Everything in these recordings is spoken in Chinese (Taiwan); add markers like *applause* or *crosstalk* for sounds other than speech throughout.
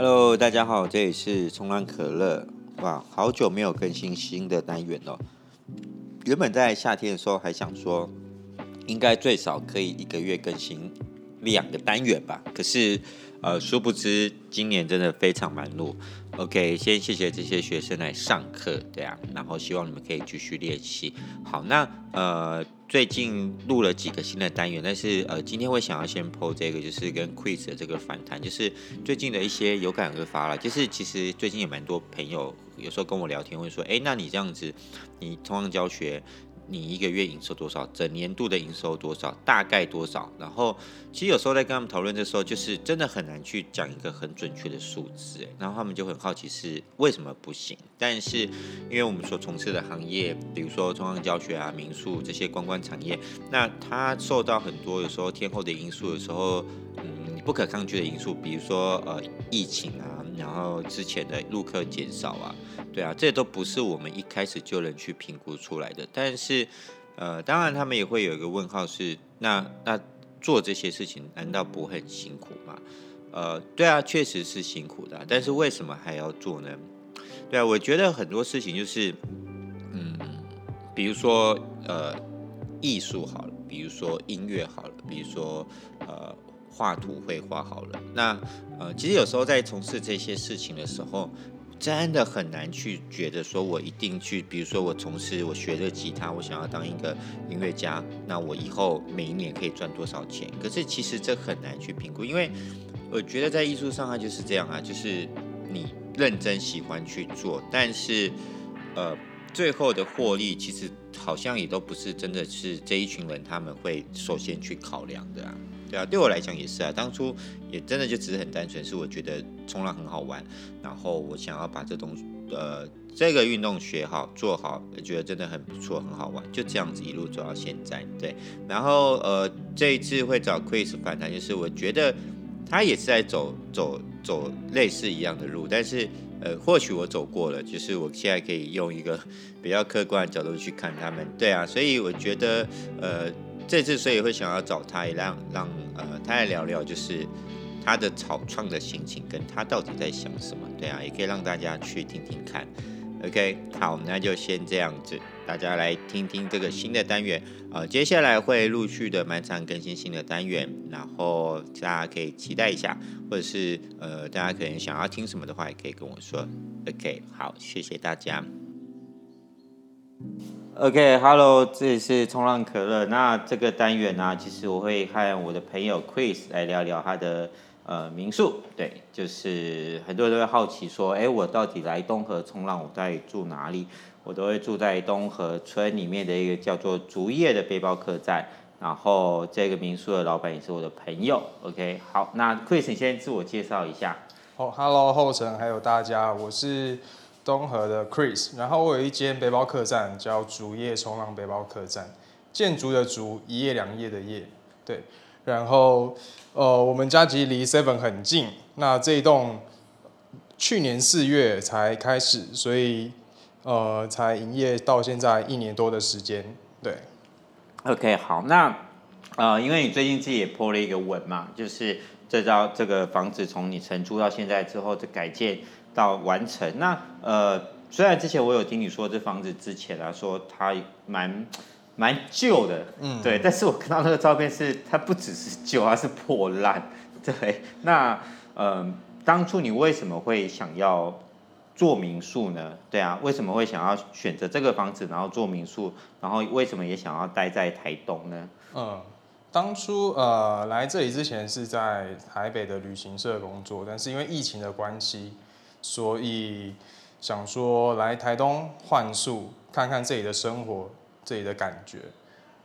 Hello，大家好，這裡是衝浪可樂，哇、wow，好久沒有更新新的單元了。原本在夏天的時候還想說，應該最少可以一個月更新兩個單元吧。可是，呃，殊不知今年真的非常忙碌。OK，先謝謝這些學生來上課，這樣、對啊，然後希望你們可以繼續練習。好，那呃。最近錄了幾個新的單元，但是呃，今天會想要先破這個，就是跟 Chris 的這個反彈，就是最近的一些有感而發了。就是其實最近也蠻多朋友有時候跟我聊天，會說，哎、欸，那你這樣子，你通常教學。你一個月營收多少？整年度的營收多少？大概多少？然後其實有時候在跟他們討論的時候，就是真的很難去講一個很準確的數字，然後他們就很好奇是為什麼不行。但是因為我們所從事的行業，比如說衝浪教學啊、民宿這些觀光產業，那它受到很多有時候天候的因素，有時候。不可抗拒的因素，比如說呃疫情啊，然後之前的旅客減少啊，對啊，這都不是我們一開始就能去評估出來的。但是呃，當然他們也會有一個問號是，是那那做這些事情難道不很辛苦嗎？呃，對啊，確實是辛苦的，但是為什麼還要做呢？對啊，我覺得很多事情就是嗯，比如說呃藝術好了，比如說音樂好了，比如說呃。畫圖會畫好了，那呃，其實有時候在從事這些事情的時候，真的很難去覺得說，我一定去，比如說我從事我學的吉他，我想要當一個音樂家，那我以後每一年可以賺多少錢？可是其實這很難去評估，因為我覺得在藝術上它就是這樣啊，就是你認真喜歡去做，但是呃，最後的獲利其實好像也都不是真的是這一群人他們會首先去考量的啊。對啊，對我來講也是啊。當初也真的就只是很單純，是我覺得衝浪很好玩，然後我想要把這東西呃這個運動學好做好，我覺得真的很不錯，很好玩，就這樣子一路走到現在。對，然後呃這一次會找 Chris 訪談，就是我覺得他也是在走走走類似一樣的路，但是呃或許我走過了，就是我現在可以用一個比較客觀的角度去看他們。對啊，所以我覺得呃。這次所以會想要找他，也讓讓呃他來聊聊，就是他的草創的心情，跟他到底在想什麼，對啊，也可以讓大家去聽聽看。OK，好，那就先這樣子，大家來聽聽這個新的單元，呃，接下來會陸續的蠻常更新新的單元，然後大家可以期待一下，或者是呃大家可能想要聽什麼的話，也可以跟我說。OK，好，謝謝大家。OK，Hello，、okay，這裡是衝浪可樂。那這個單元呢、啊，其實我會和我的朋友 Chris 來聊聊他的呃民宿。對，就是很多人都會好奇說，哎、欸，我到底來東河衝浪，我在住哪裡？我都會住在東河村裡面的一個叫做築頁的背包客棧。然後這個民宿的老闆也是我的朋友。OK，好，那 Chris，你先自我介紹一下。Oh, Hello，後成，還有大家，我是。.東河的 Chris，然後我有一間背包客棧，叫築頁衝浪背包客棧，建築的築，一頁兩頁的頁，對，然後呃，我們家其實離 Seven 很近，那這一棟去年四月才開始，所以呃才營業到現在一年多的時間，對，OK 好，那呃，因為你最近自己也 po 了一個文嘛，就是這間這個房子從你承租到現在之後的改建。到完成。那呃，雖然之前我有聽你說這房子之前啊，說它蠻蠻舊的，嗯，對，但是我看到那個照片是它不只是舊，它是破爛，對。那呃，當初你為什麼會想要做民宿呢？對啊，為什麼會想要選擇這個房子，然後做民宿，然後為什麼也想要待在台東呢？嗯，當初呃來這裡之前是在台北的旅行社工作，但是因為疫情的關係。所以想說來台東換宿，看看這裡的生活，這裡的感覺。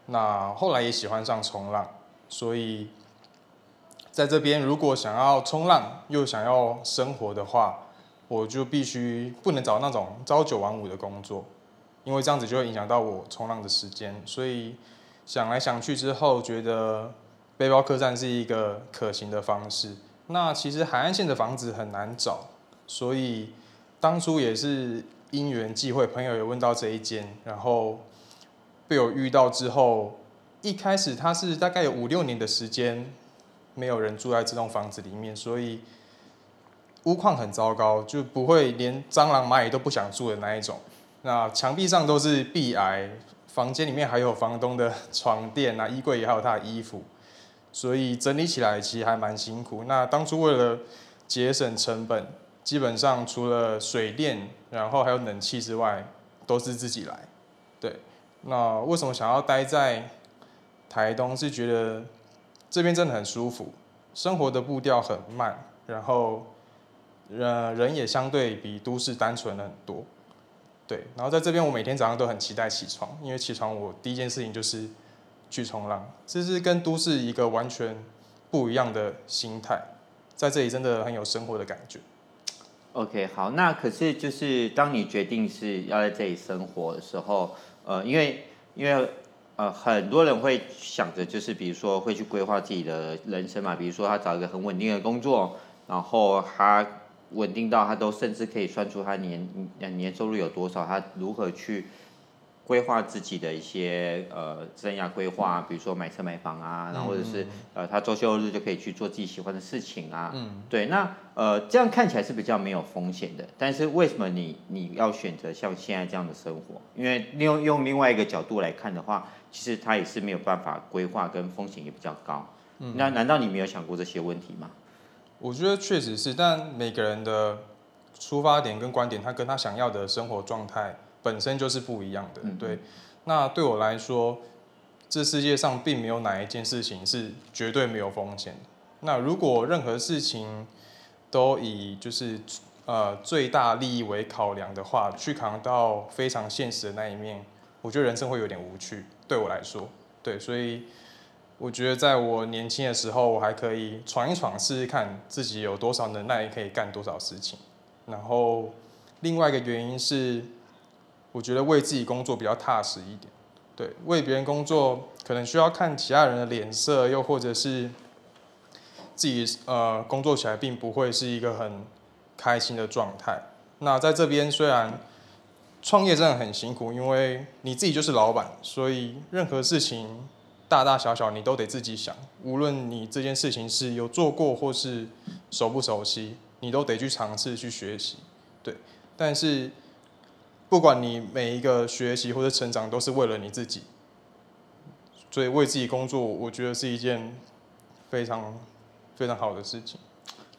那後來也喜歡上衝浪，所以在這邊如果想要衝浪又想要生活的話，我就必須不能找那種朝九晚五的工作，因為這樣子就會影響到我衝浪的時間。所以想來想去之後，覺得背包客棧是一個可行的方式。那其實海岸線的房子很難找。所以當初也是因緣際會，朋友也問到這一間，然後被我遇到之後，一開始他是大概有五六年的時間沒有人住在這棟房子裡面，所以屋況很糟糕，就不會連蟑螂螞蟻都不想住的那一種。那牆壁上都是壁癌，房間裡面還有房東的床墊啊、衣櫃，也還有他的衣服，所以整理起來其實還蠻辛苦。那當初為了節省成本。基本上除了水電，然後還有冷氣之外，都是自己來。對，那為什麼想要待在台東？是覺得這邊真的很舒服，生活的步調很慢，然後人人也相對比都市單純了很多。對，然後在這邊我每天早上都很期待起床，因為起床我第一件事情就是去衝浪，這是跟都市一個完全不一樣的心態，在這裡真的很有生活的感覺。OK，好，那可是就是當你決定是要在這裡生活的時候，呃，因為因為呃很多人會想着就是比如說會去規劃自己的人生嘛，比如說他找一個很穩定的工作，然後他穩定到他都甚至可以算出他年，年收入有多少，他如何去規劃自己的一些呃生涯規劃，比如說買車買房啊，然後、嗯、或者是呃他周休日就可以去做自己喜歡的事情啊。嗯，對，那呃這樣看起來是比較沒有風險的，但是為什麼你你要選擇像現在這樣的生活？因為用用另外一個角度來看的話，其實他也是沒有辦法規劃，跟風險也比較高。嗯，那難道你沒有想過這些問題嗎？我覺得確實是，但每個人的出發點跟觀點，他跟他想要的生活狀態，本身就是不一樣的，對。那對我來說，這世界上並沒有哪一件事情是絕對沒有風險的。那如果任何事情都以就是呃最大利益為考量的話，去扛到非常現實的那一面，我覺得人生會有點無趣。對我來說，對，所以我覺得在我年輕的時候，我還可以闖一闖，試試看自己有多少能耐，可以幹多少事情。然後另外一個原因是。我覺得為自己工作比較踏實一點，對，為別人工作可能需要看其他人的臉色，又或者是自己呃工作起來並不會是一個很開心的狀態。那在這邊雖然創業真的很辛苦，因為你自己就是老闆，所以任何事情大大小小你都得自己想。無論你這件事情是有做過或是熟不熟悉，你都得去嘗試去學習，對，但是，不管你每一個學習或者成長，都是為了你自己，所以為自己工作，我覺得是一件非常非常好的事情。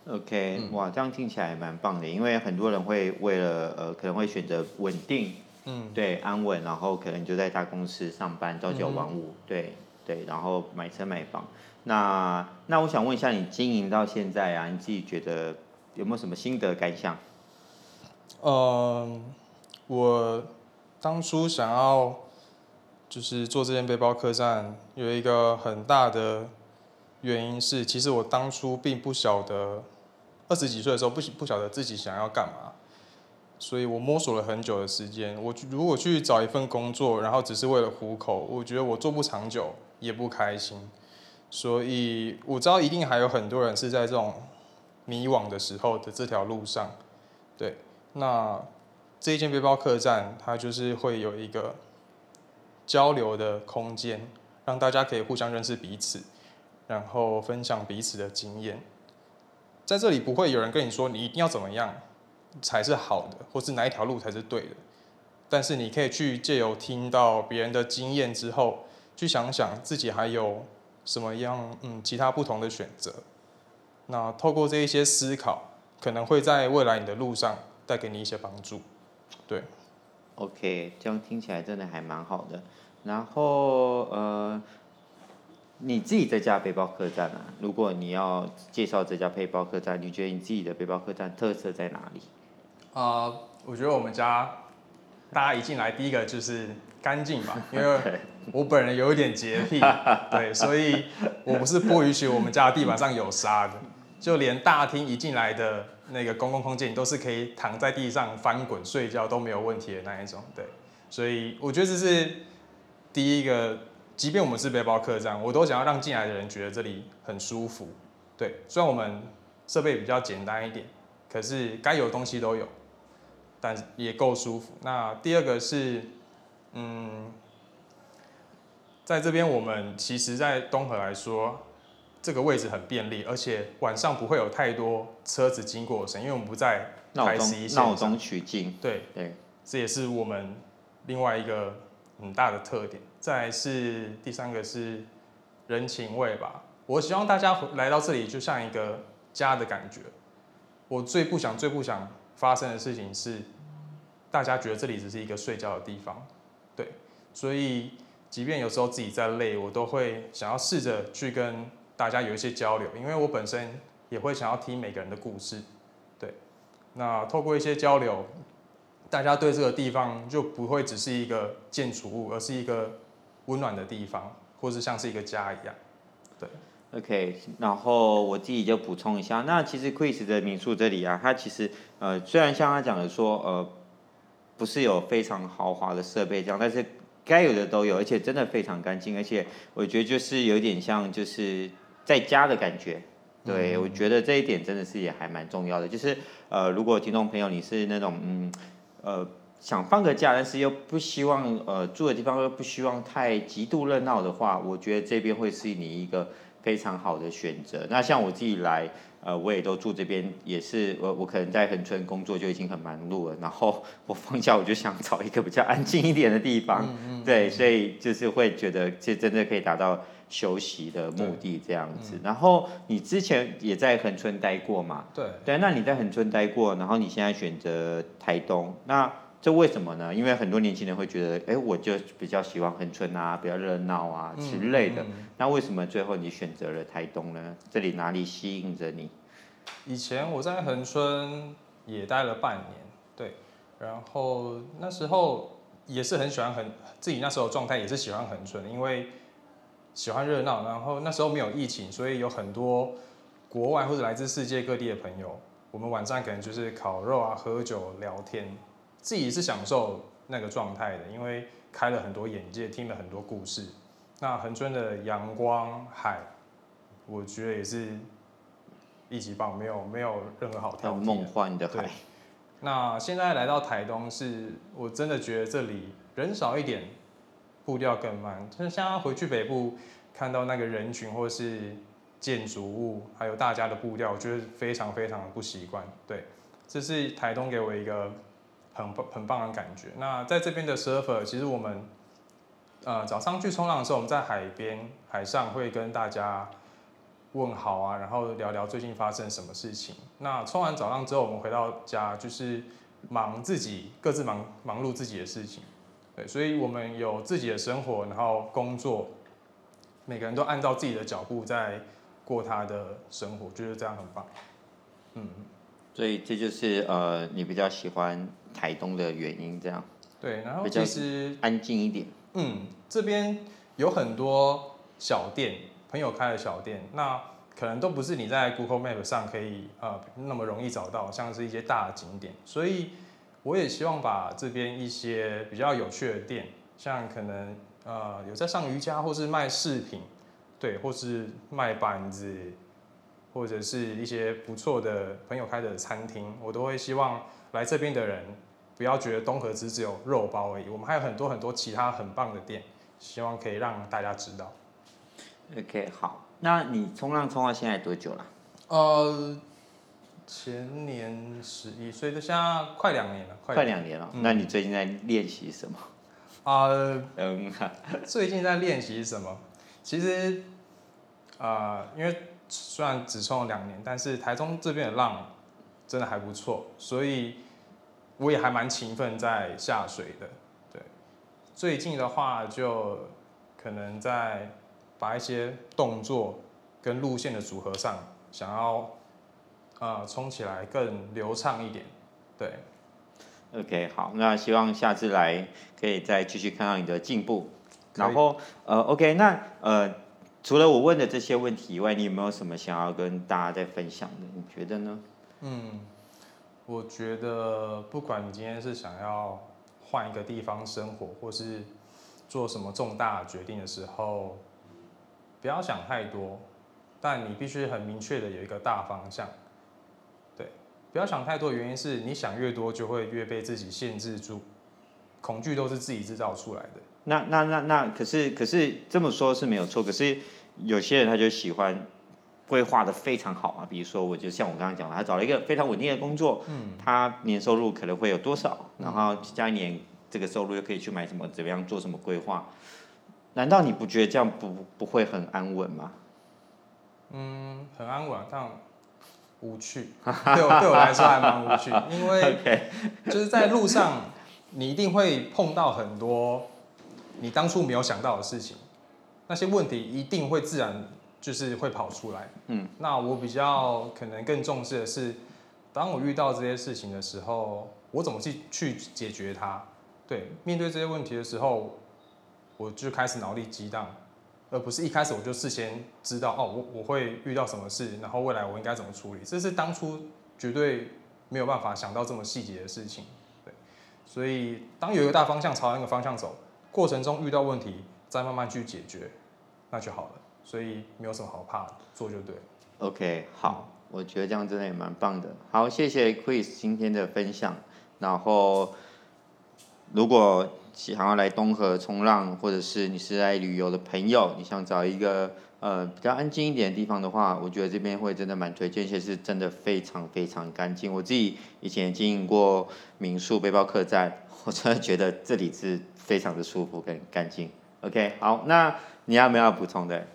OK，、嗯、哇，這樣聽起來也蠻棒的。因為很多人會為了呃，可能會選擇穩定，嗯，對，安穩，然後可能就在大公司上班，朝九晚五，嗯、對對。然後買車買房。那那我想問一下，你經營到現在啊，你自己覺得有沒有什麼心得的感想？嗯、呃。我當初想要就是做這間背包客棧，有一個很大的原因是，其實我當初並不曉得二十幾歲的時候不不曉得自己想要幹嘛，所以我摸索了很久的時間。我如果去找一份工作，然後只是為了糊口，我覺得我做不長久，也不開心。所以我知道一定還有很多人是在這種迷惘的時候的這條路上，對，那。這一間背包客棧，它就是會有一個交流的空間，讓大家可以互相認識彼此，然後分享彼此的經驗。在這裡，不會有人跟你說你一定要怎麼樣才是好的，或是哪一條路才是對的。但是你可以去借由聽到別人的經驗之後，去想想自己還有什麼樣嗯其他不同的選擇。那透過這一些思考，可能會在未來你的路上帶給你一些幫助。對，OK，這樣聽起來真的還蠻好的。然後呃，你自己這家背包客棧啊，如果你要介紹這家背包客棧，你覺得你自己的背包客棧特色在哪裡？啊、呃，我覺得我們家大家一進來，第一個就是乾淨嘛，因為我本人有一點潔癖， *laughs* 對，所以我不是不允許我們家地板上有沙的，就連大廳一進來的。那個公共空間，你都是可以躺在地上翻滾睡覺都沒有問題的那一種，對。所以我覺得這是第一個，即便我們是背包客棧，我都想要讓進來的人覺得這裡很舒服。對，雖然我們設備比較簡單一點，可是該有的東西都有，但也夠舒服。那第二個是，嗯，在這邊我們其實，在東河來說。這個位置很便利，而且晚上不會有太多車子經過，因為我們不在鬧中，鬧中取靜，對，對，這也是我們另外一個很大的特點。再來是第三個是人情味吧。我希望大家來到這裡就像一個家的感覺。我最不想、最不想發生的事情是，大家覺得這裡只是一個睡覺的地方。對，所以即便有時候自己再累，我都會想要試着去跟。大家有一些交流，因為我本身也會想要聽每個人的故事，對。那透過一些交流，大家對這個地方就不會只是一個建築物，而是一個溫暖的地方，或是像是一個家一樣。對。OK，然後我自己就補充一下，那其實 Chris 的民宿這裡啊，它其實呃雖然像他講的說呃不是有非常豪華的設備這樣，但是該有的都有，而且真的非常乾淨，而且我覺得就是有點像就是。在家的感覺，對。我覺得這一點真的是也還蠻重要的。嗯、就是呃，如果聽眾朋友你是那種嗯，呃，想放個假，但是又不希望呃，住的地方又不希望太極度熱鬧的話，我覺得這邊會是你一個非常好的選擇。那像我自己來。呃，我也都住這邊，也是我我可能在恆春工作就已經很忙碌了，然後我放假我就想找一個比較安靜一點的地方，嗯嗯、對，嗯、所以就是會覺得這真的可以達到休息的目的這樣子。嗯、然後你之前也在恆春待過嘛？對，對，那你在恆春待過，然後你現在選擇台東那。這為什麼呢？因為很多年輕人會覺得，哎，我就比較喜歡恆春啊，比較熱鬧啊之類的。嗯嗯、那為什麼最後你選擇了台東呢？這裡哪裡吸引着你？以前我在恆春也待了半年，對，然後那時候也是很喜歡恆，自己那時候狀態也是喜歡恆春，因為喜歡熱鬧。然後那時候沒有疫情，所以有很多國外或者來自世界各地的朋友，我們晚上可能就是烤肉啊、喝酒、聊天。自己是享受那個狀態的，因為開了很多眼界，聽了很多故事。那恆春的陽光海，我覺得也是一級棒，沒有沒有任何好挑剔的。有夢幻的海，對。那現在來到台東是，是我真的覺得這裡人少一點，步調更慢。就是現在回去北部，看到那個人群或是建築物，還有大家的步調，我覺得非常非常的不習慣。對，這是台東給我一個。很棒，很棒的感覺。那在這邊的 surfer，其實我們，呃，早上去衝浪的時候，我們在海邊、海上會跟大家問好啊，然後聊聊最近發生什麼事情。那衝完早浪之後，我們回到家就是忙自己，各自忙忙碌自己的事情。對，所以我們有自己的生活，然後工作，每個人都按照自己的腳步在過他的生活，就是這樣很棒。嗯。所以這就是呃，你比較喜歡台東的原因這樣。對，然後其實安靜一點。嗯，這邊有很多小店，朋友開的小店，那可能都不是你在 Google Map 上可以呃那麼容易找到，像是一些大的景點。所以我也希望把這邊一些比較有趣的店，像可能呃有在上瑜伽，或是賣飾品，對，或是賣板子。或者是一些不錯的朋友開的餐廳，我都會希望來這邊的人不要覺得東河子只有肉包而已，我們還有很多很多其他很棒的店，希望可以讓大家知道。OK，好，那你衝浪衝到現在多久了？呃，前年十一歲，就現在快兩年了，快兩年了。嗯，那你最近在練習什麼？啊，呃，嗯， *laughs* 最近在練習什麼？其實，啊，呃，因為。雖然只衝了兩年，但是台中這邊的浪真的還不錯，所以我也還蠻勤奮在下水的。對，最近的話就可能在把一些動作跟路線的組合上，想要呃衝起來更流暢一點。對，OK，好，那希望下次來可以再繼續看到你的進步。然後可以，呃，OK，那呃。除了我問的這些問題以外，你有沒有什麼想要跟大家再分享的？你覺得呢？嗯，我覺得不管你今天是想要換一個地方生活，或是做什麼重大決定的時候，不要想太多。但你必須很明確的有一個大方向。對，不要想太多，原因是你想越多，就會越被自己限制住。恐懼都是自己制造出來的。那那那那，可是可是這麼說是沒有錯，可是有些人他就喜歡規劃的非常好啊，比如說我就像我剛剛講的，他找了一個非常穩定的工作，嗯、他年收入可能會有多少，嗯、然後加一年這個收入又可以去買什麼，怎麼樣做什麼規劃？難道你不覺得這樣不不會很安穩嗎？嗯，很安穩，但無趣。對我對我來說還蠻無趣， *laughs* 因為就是在路上你一定會碰到很多，你當初沒有想到的事情，那些問題一定會自然就是會跑出來。嗯，那我比較可能更重視的是，當我遇到這些事情的時候，我怎麼去去解決它？對，面對這些問題的時候，我就開始腦力激盪，而不是一開始我就事先知道哦，我我會遇到什麼事，然後未來我應該怎麼處理。這是當初絕對沒有辦法想到這麼細節的事情。對，所以當有一個大方向朝那個方向走。過程中遇到問題，再慢慢去解決，那就好了。所以沒有什麼好怕的，做就對。OK，好，我覺得這樣真的也蠻棒的。好，謝謝 Chris 今天的分享。然後，如果想要來東河衝浪，或者是你是來旅遊的朋友，你想找一個呃比較安靜一點的地方的話，我覺得這邊會真的蠻推薦。而且是真的非常非常乾淨。我自己以前經營過民宿、背包客棧。我真的覺得這裡是非常的舒服跟乾淨。OK，好，那你要沒有要補充的？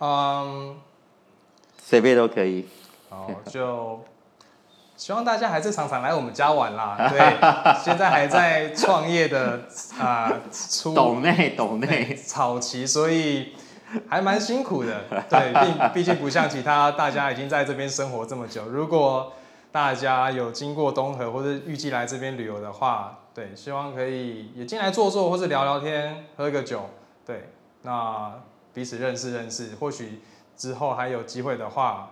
嗯，隨便都可以。好，oh, 就希望大家還是常常來我們家玩啦。 *laughs* 對，現在還在創業的啊，鬥內鬥內草期，所以還蠻辛苦的。對，畢畢竟不像其他 *laughs* 大家已經在這邊生活這麼久。如果大家有經過東河或者預計來這邊旅遊的話，對，希望可以也進來坐坐，或是聊聊天，喝個酒。對，那彼此認識認識，或許之後還有機會的話，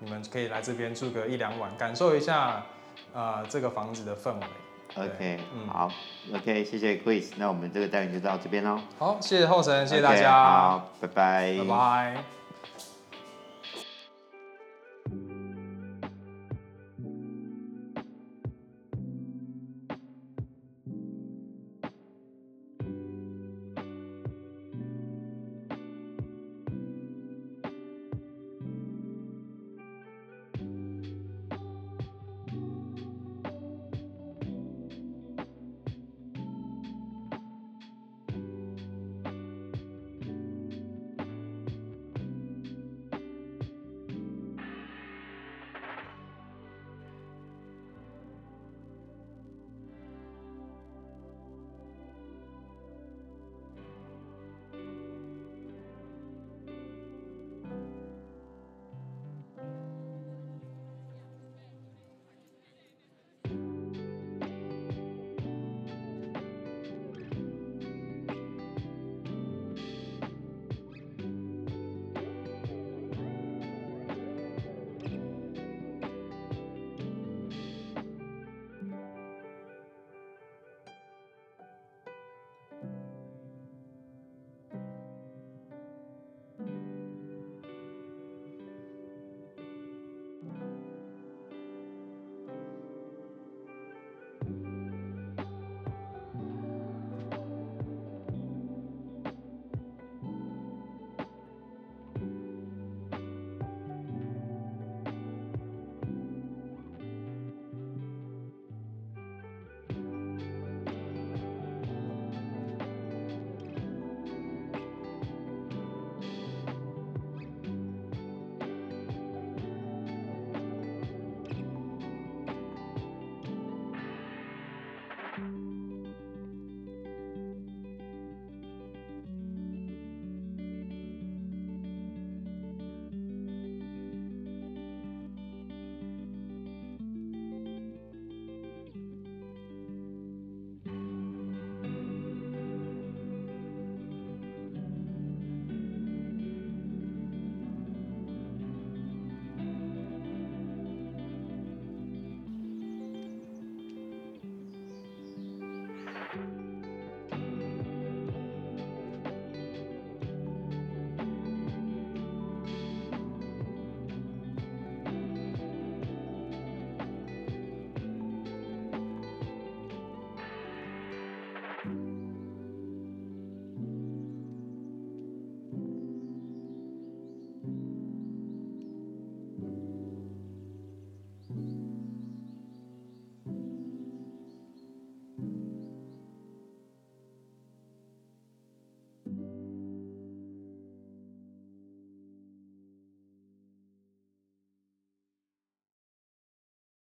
你們可以來這邊住個一兩晚，感受一下、呃、這個房子的氛圍。OK，、嗯、好，OK，謝謝 Grace，那我們這個帶領就到這邊咯、哦、好，謝謝後成，謝謝大家，okay, 好，拜拜，拜拜。